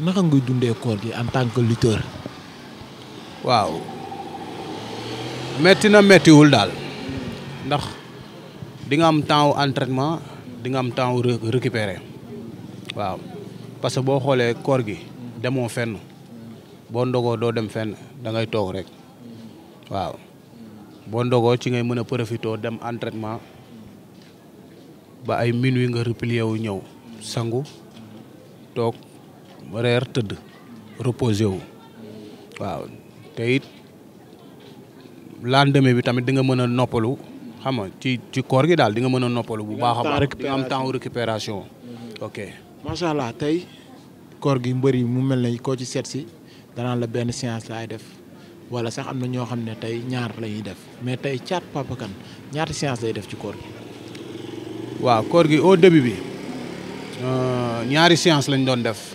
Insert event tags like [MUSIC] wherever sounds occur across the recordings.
naka nga dundee koor gi en tant que lutteur. waaw metti na mettiwul daal ndax di nga am temps wu di nga am temps wu récupérer waaw parce que boo xoolee koor gi demoo fenn boo ndogoo doo dem fenn da ngay toog rek waaw boo ndogoo ci ngay mën a profiter dem entraînement ba ay minuit nga replier wu ñëw sangu toog. reer tëdd reposé wu waaw te it lendemain bi tamit di nga mën a noppalu xam nga ci ci koor gi daal di nga mën a noppalu bu baax a baax di nga am temps ok macha allah tey koor gi mbër yi mu mel nañ koo ci seet si danaa la benn séance laay def wala sax am na ñoo xam ne tey ñaar la ñuy def mais tey caat Papa Kane ñaata séance lay def ci koor gi waaw koor gi au début bi euh, ñaari séance lañ doon def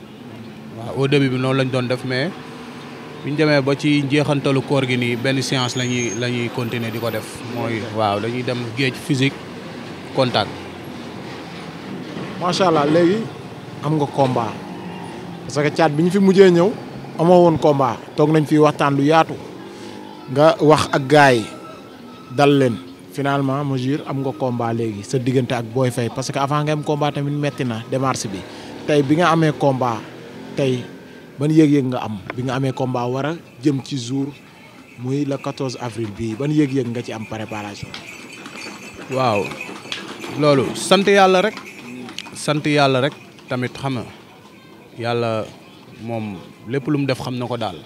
waaw au début bi noonu lañ doon def mais bi ñu demee ba ci njeexantalu koor gi nii benn séance la ñuy la ñuy continuer di ko def mooy waaw dañuy dem géej physique contact. macha allah léegi am nga combat parce que caat bi ñu fi mujjee ñëw amoo woon combat toog nañ fi waxtaan lu yaatu nga wax ak gars yi dal leen finalement mesure am nga combat léegi sa diggante ak booy Faye parce que avant nga am combat tamit metti na démarche bi tey bi nga amee combat. tey ban yéeg yëg nga am bi nga amee combat war a jëm ci jour muy le 14 avril bii ban yéeg yëg nga ci am préparation. waaw loolu sant yàlla rek. sant yàlla rek tamit xam na yàlla moom lépp lu mu def xam na ko daal.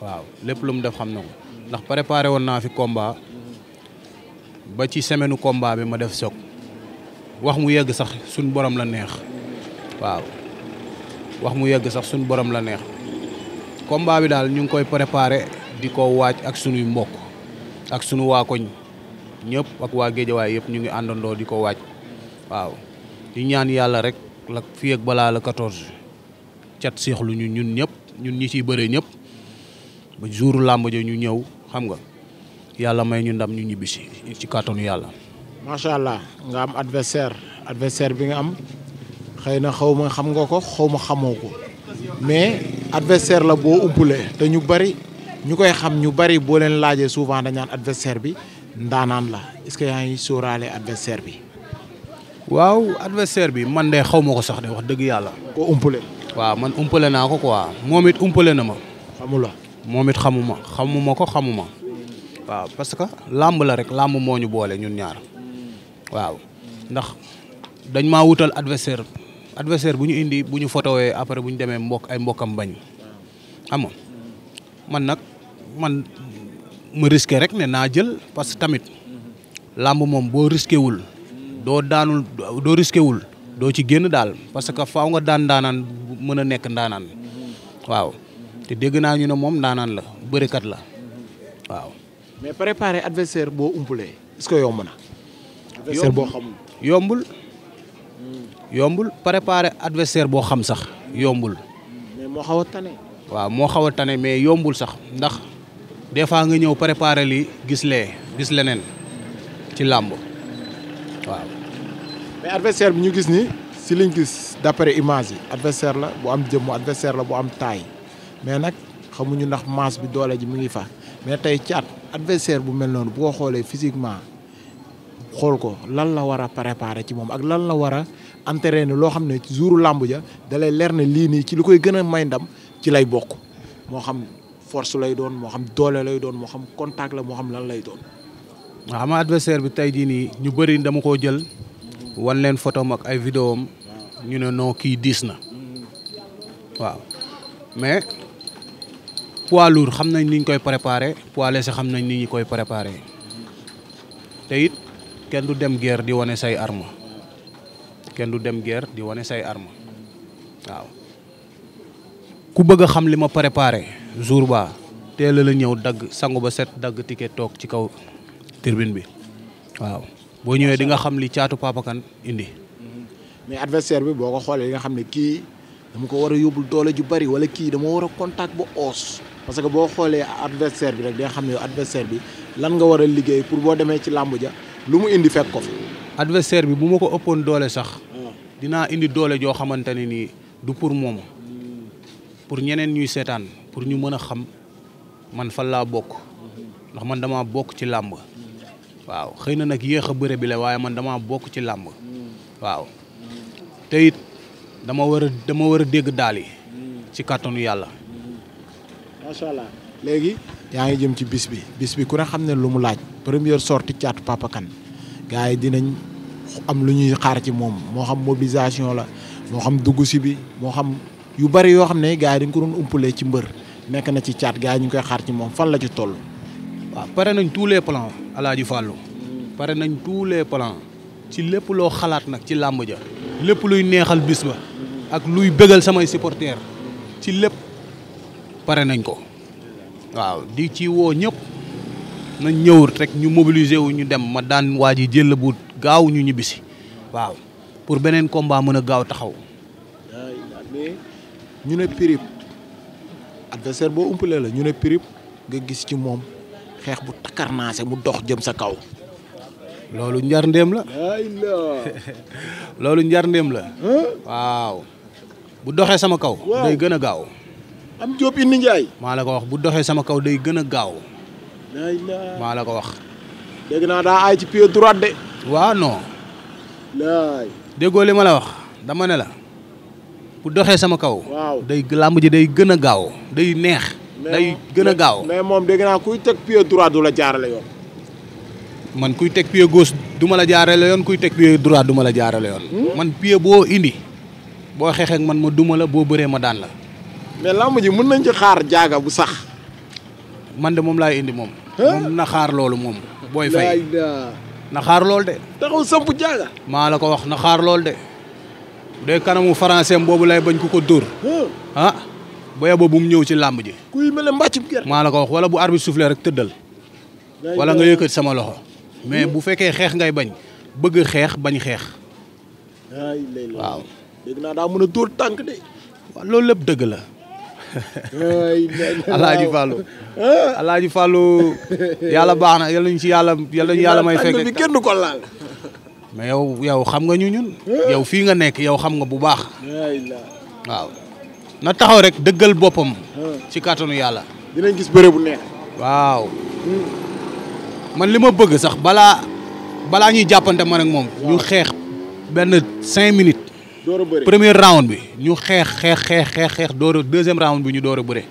waaw lépp lu mu def xam na ko. ndax préparé woon naa fi combat ba ci semaine combat bi ma def soog wax mu yegg sax suñ borom la neex waaw wax mu yegg sax suñu borom la neex combat bi daal ñu ngi koy préparé di ko waaj ak sunuy mbokk ak sunu waa koñ ñëpp ak waa géejawaay yëpp ñu ngi àndandoo di ko waaj waaw ñu ñaan yàlla rek lak fii ak balaa la 14 cat seexlu ñu ñun ñëpp ñun ñi ciy bëree ñëpp ba jour làmb ja ñu ñëw xam nga yàlla may ñu ndam ñu ñibbisi ci kàttanu yàlla. macha allah nga am adversaire adversaire bi nga am. xëy na xaw ma xam nga ko xaw ma xamoo ko mais adversaire la boo umpulee te ñu bari ñu koy xam ñu bari boo leen laajee souvent dañaan adversaire bi ndaanaan la est-ce que yaa ngi sóoraale adversaire bi. waaw adversaire bi man de xaw ma ko sax de wax dëgg yàlla. ko umpule. waaw man umpale naa ko quoi moom it umpale na ma. xamula moom it xamuma xamuma ko xamuma. waaw parce que làmb la rek làmb moo ñu boole ñun ñaar waaw ndax dañ maa wutal adversaire adversaire bu ñu indi bu ñu fotowee après bu ñu demee mbokk ay mbokkam bañ xam man nag man ma risqué rek ne naa jël parce que tamit làmb moom boo risqué wul doo daanul doo risqué wul doo ci génn daal parce que faaw nga daan daanaan mën a nekk ndaanaan waaw te dégg naa ñu ne moom ndaanaan la bërikat la waaw. mais préparer adversaire boo umpulee est-ce que yomb na. boo xamul yombul. Hmm. yombul préparer adversaire boo xam sax yombul. moo xaw a tane. waaw moo xaw a tane mais yombul sax ndax des fois nga ñëw préparer li gis lee gis leneen ci làmb waaw. mais adversaire bi ñu gis ni si liñ gis d'après image yi adversaire la bu am jëmm adversaire la bu am taay mais nag xamuñu ndax masse bi doole ji mu ngi fa mais tey caat adversaire bu mel noonu boo xoolee physiquement xool ko lan la war a préparer ci moom ak lan la war a entraîné loo xam ne jouru làmb ja dalay leer ne lii nii ci lu koy gën a may ndam ci lay bokk moo xam force lay doon moo xam doole lay doon moo xam contact la moo xam lan lay doon. waaw adversaire bi tey jii nii ñu bëri dama koo jël. wan leen photo am ak ay vidéo am ñu ne noo kii diis na. waaw mais poids lourd xam nañ ni koy préparé poids léger xam nañ ni ñu koy préparé te it kenn du dem guerre di wane say armo kenn du dem guerre di wane say arme waaw ku bëgg xam li ma préparé jour ba teel la ñëw dag sangu ba set dag ticket tok ci kaw turbine bi waaw bo ñëwé di nga xam li ciatu Papa kan indi. Mm-hmm. mais adversaire bi boko xolé li nga xam ni ki dama ko wara yobul doole ju bari wala ki dama wara contact bu os parce que bo xolé adversaire bi rek day xam ni adversaire bi lan nga wara liggéey pour bo démé ci lambu ja lu indi fekk ko fa. adversaire bi bu sah. oppone doole sax dinaa indi doole joo xamante ne nii du pour moom pour ñeneen ñuy seetaan pour ñu mën a xam man fan laa bokk ndax man dama bokk ci làmb waaw xëy na nag yéex a bëre bi la waaye man dama bokk ci làmb waaw te dama war a dama war a dégg daal yi ci kàttanu yàlla macha léegi yaa ngi jëm ci bis bi bis bi ku ne xam ne lu mu laaj première sorti caatu Papa Kane dinañ am lu ñuy xaar ci moom moo xam mobilisation la moo xam dugg si bi moo xam yu bari yoo xam ne gars yi dañ ko doon umpalee ci mbër nekk na ci caat gars yi ñu koy xaar ci moom fan la ci toll. waaw pare nañ tous les plans Alaaji Fàllu pare nañ tous les plans ci lépp loo xalaat nag ci làmb ja lépp luy neexal bis ba ak luy bégal samay supporters ci lépp pare nañ ko waaw di ci woo ñëpp nañ ñëw rek ñu mobiliser wu ñu dem ma daan waa ji jël buut gaaw ñu ñibbisi waaw pour beneen combat mën a gaaw taxaw. ñu ne Pirip adversaire boo umpalee la ñu ne Pirip nga gis ci moom xeex bu takkarnaase mu dox jëm sa kaw. loolu njarndéem la. [LAUGHS] loolu njar la. waaw. bu doxee sama kaw. day gën a gaaw. am Diop indi Ndiaye. maa la ko wax bu doxee sama kaw day gën a gaaw. maa naa daa aay ci pied droit de. waaw no laay. déggoo li ma la wax dama ne la bu doxee sama kaw. waaw day làmb ji day gën a gaaw day neex. day gën a gaaw mais moom dégg naa kuy teg pied droit du la jaarale yoon. man kuy teg pied gauche du ma la jaarale yoon kuy teg pied droit du jaarale yoon. Hmm? man pied boo indi boo xeexee man ma duma la boo bëree ma daan la. mais làmb ji mën nañ ci xaar jaaga bu sax. man de moom laay indi moom. moom na xaar loolu moom. booy fay na xaar lool de. taxaw samp jaaga. maa la ko wax na xaar lool de bu dee kanamu français boobu lay bañ ku ko dóor. ah bu yeboo bu mu ñëw ci làmb ji. kuy mel ne mbàccum gerte. maa la ko wax wala bu arbitre soufflé rek tëddal. wala nga yëkkati sama loxo. mais bu fekkee xeex ngay bañ bëgg xeex bañ xeex. waaw. dégg naa daa mën a dóor tànk de. loolu lépp dëgg la. alaaji Fallou ah. alaaji Fallou yàlla baax na yàlla ñu ci yàlla yàlla ñu yàlla may fekk bi kenn du ko laal mais yow yow xam nga ñu ñun ah. yow fii nga nekk yow xam nga bu baax waaw na taxaw rek dëggal boppam ah. ci kattanu yàlla dinañ gis bëre bu neex waaw hmm. man li ma bëgg sax balaa balaa ñuy jàppante man ak moom ñu xeex benn cinq minutes door a bëre round bi ñu xeex xeex xeex xeex xeex door a deuxième round bi ñu door a bëre.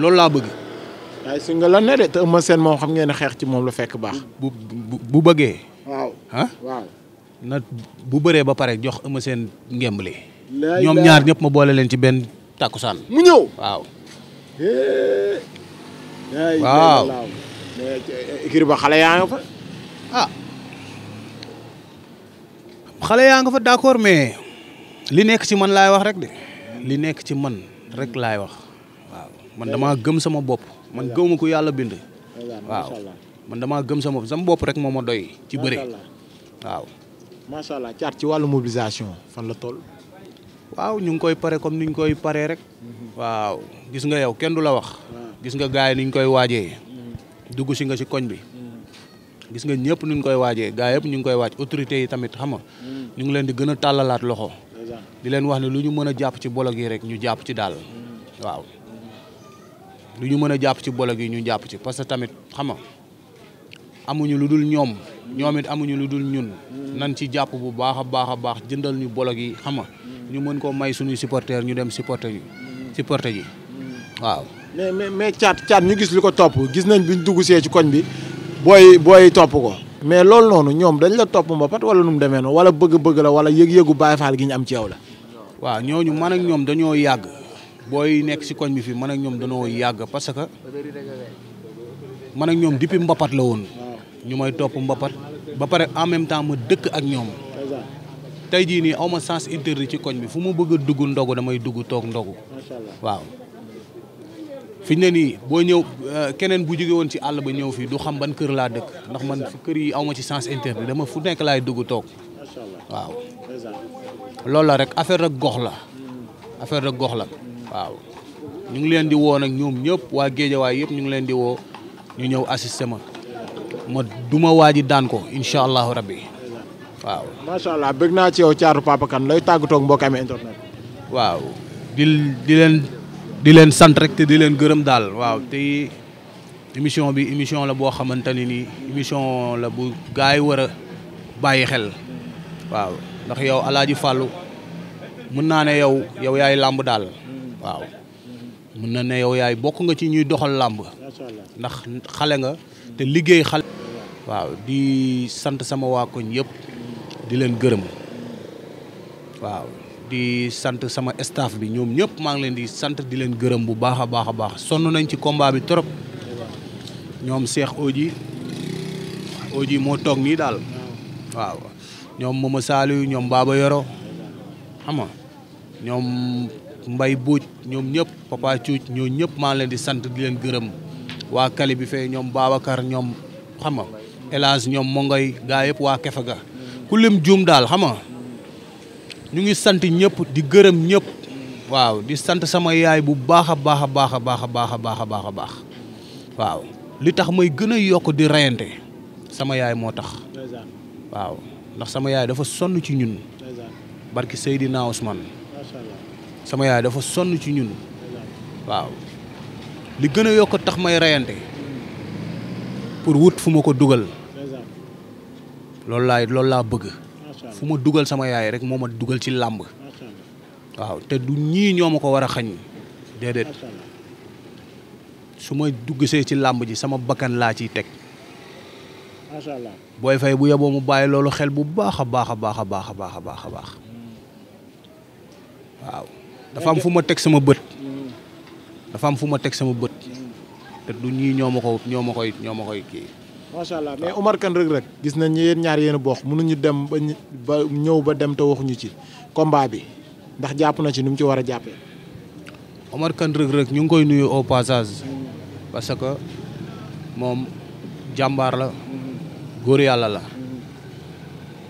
loolu laa bëgg. waaye nga lan ne de te Eumeu moom xam ngeen ne xeex ci moom la fekk baax. bu bu bëggee. waaw bu bëree ba pare jox Eumeu Sène ñoom ñaar ñëpp ma boole leen ci benn takkusaan. mu ñëw waaw. waaw. Eh, xale yaa nga fa ah. xale yaa nga fa d'accord mais li nekk ci man laay wax rek de li nekk ci man rek laay wax waaw man damaa gëm sama bopp man gëwuma ko yàlla bind waaw man damaa gëm sama bopp sama bopp rek moom ma doy ci bëre waaw macha allah ci wàllu mobilisation fan la toll waaw ñu ngi koy pare comme ni ñu koy paree rek waaw gis nga yow kenn du la wax ah. gis nga gaa yi ni ñu koy waajee mm. dugg si nga si koñ bi mm. gis nga ñëpp nu ñu koy waajee gaa yëpp ñu ngi koy waaj autorité yi tamit xam nga mm. ñu ngi leen di gën a tàllalaat loxo di leen wax ne lu ñu mën a jàpp ci bolog yi rek ñu jàpp ci daal waaw lu ñu mën a jàpp ci bolog yi ñu jàpp ci parce que tamit xam nga amuñu lu dul ñoom ñoomit it amuñu lu dul ñun nan ci jàpp bu baax a baax a baax jëndal ñu bolog yi xam ñu mën koo may suñuy supporter ñu dem supporter ji supporter ji waaw mais mais mais caat caat ñu gis li ko topp gis nañ biñ dugg see ci koñ bi booy booy topp ko mais loolu noonu ñoom dañ la topp mbapat wala nu mu demee noonu wala bëgg-bëgg la wala yëg-yëgu Baye Fall gi ñu am ci yow la. waaw ñooñu man ak ñoom dañoo yàgg booy nekk si koñ bi fii man ak ñoom dañoo yàgg parce que man ak ñoom depuis mbapat la woon ñu may topp mbapat ba pare en même temps ma dëkk ak ñoom. tey jii nii aw ma sens interdit ci koñ bi fu ma bëgg a dugg ndogu damay dugg toog ndogu waaw. fi ñu ne nii boo ñëw euh, keneen bu jóge woon ci àll ba ñëw fii du xam ban kër laa dëkk ndax man kër yi awma ci sens interdit dama fu nekk laay dugg toog waaw loolu la rek affaire rek gox la affaire gox la waaw ñu ngi leen di woo nag ñoom ñëpp waa géejawaay yëpp ñu ngi leen di woo ñu ñëw assister ma ma du ma waaji daan ko incha allahu rabbi waaw. macha allah bëgg naa ci yow caatu Papa lay tàggatoo ak mbokk amee internet. waaw di leen di len sant rek te di len gërëm dal waaw te émission bi émission la bo xamanteni ni émission la bu gaay wara bayyi xel waaw ndax yow aladi fallu mën na ne yow yow yaay lamb dal waaw mën na ne yow yaay bokku nga ci ñuy doxal lamb ndax xalé nga te liggéey xal waaw di sant sama waa koñ yëpp di len waaw di sante sama staff bi ñom ñep ma ngi leen di sante di leen gërëm bu baaxa baaxa baax sonu nañ ci combat bi trop ñom Cheikh Oji Oji mo tok nyom dal waaw ñom Mama salu ñom Baba Yoro xam nga Mbay Buuj ñom ñep Papa Cuuc ñoo ñep ma ngi leen di sante di leen gërëm wa Kali bi fe ñom babakar ñom xam nga El ñom mo ngay gaay yep wa Kefa ga ku lim joom dal xam nga ñu ngi sant ñëpp di gërëm ñëpp waaw di sant sama yaay bu baax a baax a baax a baax a baax a baax a baax a baax waaw li tax may gën a yokk di reyante sama yaay moo tax waaw ndax sama yaay dafa sonn ci ñun barki Seydina Ousmane sama yaay dafa sonn ci ñun waaw li gën a yokk tax may reyante pour wut fu ma ko dugal loolu laay loolu laa bëgg fu ma dugal sama yaay rek moo ma dugal ci làmb waaw te du ñii ñoo ma ko war a xañ déedéet su ma duggsee ci làmb ji sama bakkan laa ciy teg booy fay bu yeboo mu bàyyi loolu xel bu baax a baax a baax a baax a baax a baax a baax waaw dafa am fu ma teg sama bët dafa am fu ma teg sama bët te du ñii ñoo ma ko ma koy ñoo ma koy kii macha allah mais Omar Kane rek Reug gis nañ yéen ñaar yéen a bokk mënuñu dem ba ba ñëw ba dem te waxuñu ci combat bi ndax jàpp na ci nu mu ci war a jàppee. Omar Kane ñu ngi koy nuyu au passage parce que moom jàmbaar la góor yàlla la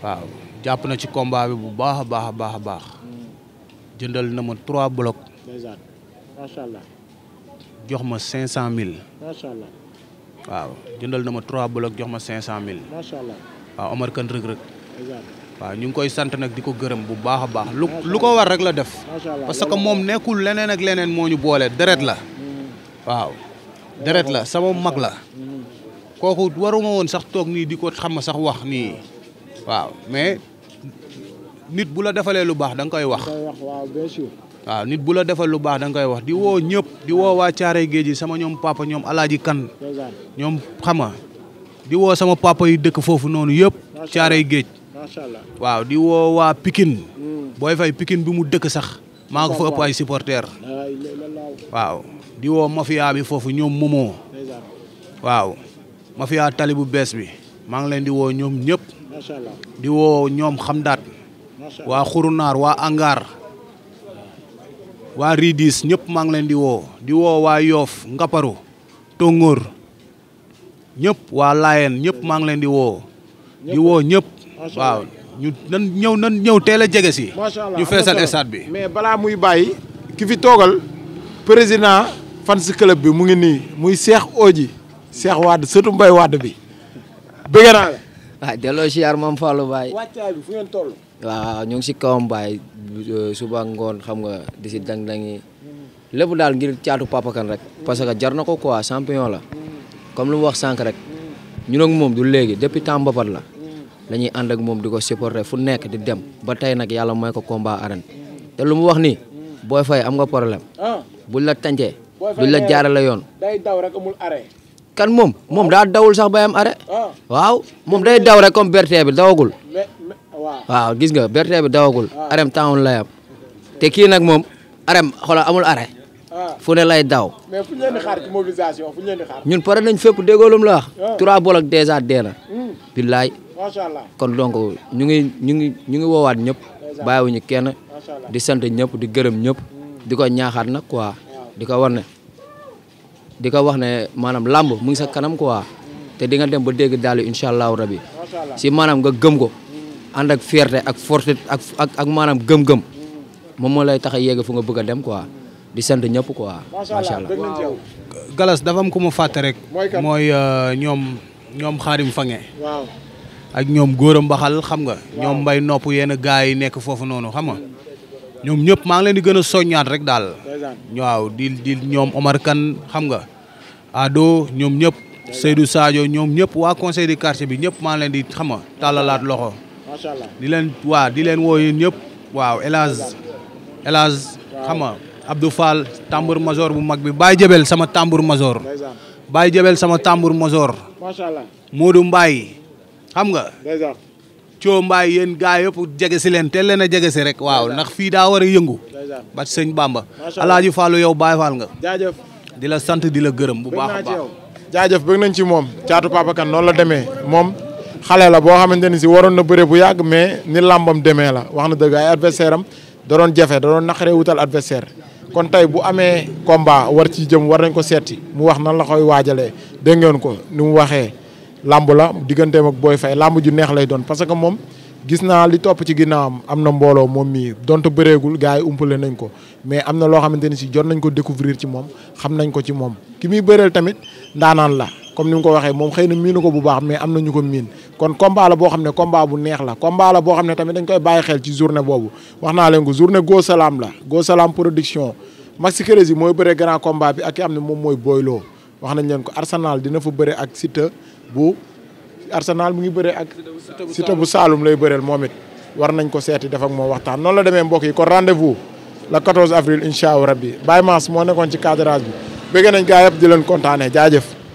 waaw jàpp na ci combat bi bu baax a baax a baax a baax jëndal na ma trois blocs. macha allah jox ma cinq cent mille. macha allah. waaw jëndal na ma trois blocs jox ma cinq cent mille. macha allah waaw Omar Kane Reug waaw ñu ngi koy sant nag di ko gërëm bu baax a baax. lu lu ko war rek la def. parce que moom nekkul leneen ak leneen moo ñu boole deret la. Mm. waaw deret la sama mag la. Mm. kooku waruma woon sax toog nii di ko xam sax wax nii. waaw mais nit bu la defalee lu baax danga koy wax. waaw ah, nit bu la defal lu baax da nga koy wax di wo di wo wa geedji sama ñom papa ñom aladi kan ñom xama di wo sama papa yu fofu nonu yep yëpp geedji géej waaw di wo wa pikin hmm. boy fay pikin bi mu dekk sax ma nga fa ëpp ay supporter waaw di wo mafia bi fofu ñom momo waaw mafia talibu bu bi ma ngi leen di woo ñoom ñëpp di wo ñom xamdaat wa khurunar wa angar wa Ridis ñep ma ngi len di wo di wo wa yof Ngaparu tongor ñep wa Layen ñep ma ngi len di wo di wo ñep waaw ñu nan ñew nan ñew teel a jege si ñu fessal estade bi mais bala muy bayyi ki fi togal président fans club bi mu ngi ni muy Cheikh Odji Cheikh wad sëtu mbay wad bi bëgg naa la waaw ah, delloo siyaar Fallou Baye waccay bi fu ngeen tollu la ñong ci si kawam euh, suba ngoon xam nga di ci dang-dangi lepp dal ngir ciatu Papa kan rek parce que jar ko quoi champion la comme lu wax sank rek ñun ak mom du léegi depuis temps la la ñuy ak mom di supporter fu nek di dem ba tay nak yalla moy ko combat aran te lu mu wax ni boy fay am nga problème ah. bu la tàncee duñ la la yon day daw rek amul arrêt kan mum mum da dawul sax bayam am arrêt ah. waaw mom day daw rek comme berté bi dawagul waaw gis nga berte bi dawagul arem taawun lay am te kii nag moom arem xoolal amul are ah. fu ne lay daw. ñun pare nañ fépp déggoolum la wax. Ah. bolok dèjà dee na. Hmm. billaay. macha allah kon donc ñu ngi ñu ngi ñu ngi woowaat ñëpp. bàyyiwuñu kenn. di sant ñëpp di gërëm ñëpp. Hmm. di ko ñaaxaat nag quoi. di ko war ko wax ne maanaam lamb mu ngi sa kanam quoi. Hmm. te di nga dem ba dégg daal incha allahu rabi. si maanaam nga gëm ko. ànd ak fierté ak force ak ak ak maanaam gëm-gëm moom moo lay tax a yegg fu nga bëgg a dem quoi di sant ñëpp quoi macha allah. galas dafa am ku ma fàtte rek. mooy euh, ñoom ñoom xaarim fange. waaw ak ñoom góor a mbaxal xam nga. ñoom mbay nopp yenn gaa yi nekk foofu noonu xam nga. ñoom ñëpp maa leen di gën a soññaat rek daal. waaw di ñoom Omar kan xam nga. Ado ñoom ñëpp Seydou Sadio ñoom ñëpp waa conseil du quartier bi ñëpp maa leen di xam nga tàllalaat loxo. macha allah di leen waaw di leen woo yéen ñëpp waaw El Hadj El Hadj bu mag bi Baye Jebel sama tambour major Baye Jebel sama tambour major macha allah Modou Mbaye xam nga coo mbaay yéen gaa yëpp jege si leen teel leen a jege si rek waaw nax fii daa war a yëngu ba sëñ Bamba alaaji Fallu yow Baay Faal nga jaajëf di la sant di la gërëm bu baax a baax jaajëf bëgg nañ moom caatu Papa Kane noonu moom xale la boo xamante ni si waroon na bëre bu yàgg mais ni làmbam demee la wax na dëgg ay adversaire am da doon jafe da doon naqaree wutal adversaire kon tey bu amee combat war ci jëm war nañ ko seeti mu wax nan la koy waajalee dégg ngeen ko ni mu waxee làmb la digganteem ak Boy Faye làmb ju neex lay doon parce que moom gis naa li topp ci ginnaawam am na mbooloo moom mii donte bëreegul gars yi umpale nañ ko mais am na loo xamante ni si jot nañ ko découvrir ci moom xam nañ ko ci moom ki muy bëreel tamit ndaanaan la comme ni nga ko waxee moom xëy na miinu ko bu baax mais am na ñu ko miin kon combat la boo xam ne combat bu neex la combat la boo xam ne tamit dañ koy bàyyi xel ci journée boobu wax naa leen ko journée goo Salam la Go salaam production Maxi Crési mooy bëre grand combat bi ak am ne moom mooy Boylo wax nañ leen ko Arsenal dina fu bëre ak Siteu bu Arsenal mu ngi bëre ak Siteu bu Saalum lay bëreel moom it war nañ ko seeti defak moo waxtaan noonu la demee mbokk yi kon rendez-vous le 14 incha allah rabbi Baye moo nekkoon ci cadrage bi bëgg nañ gaa yëpp leen kontaanee jaajëf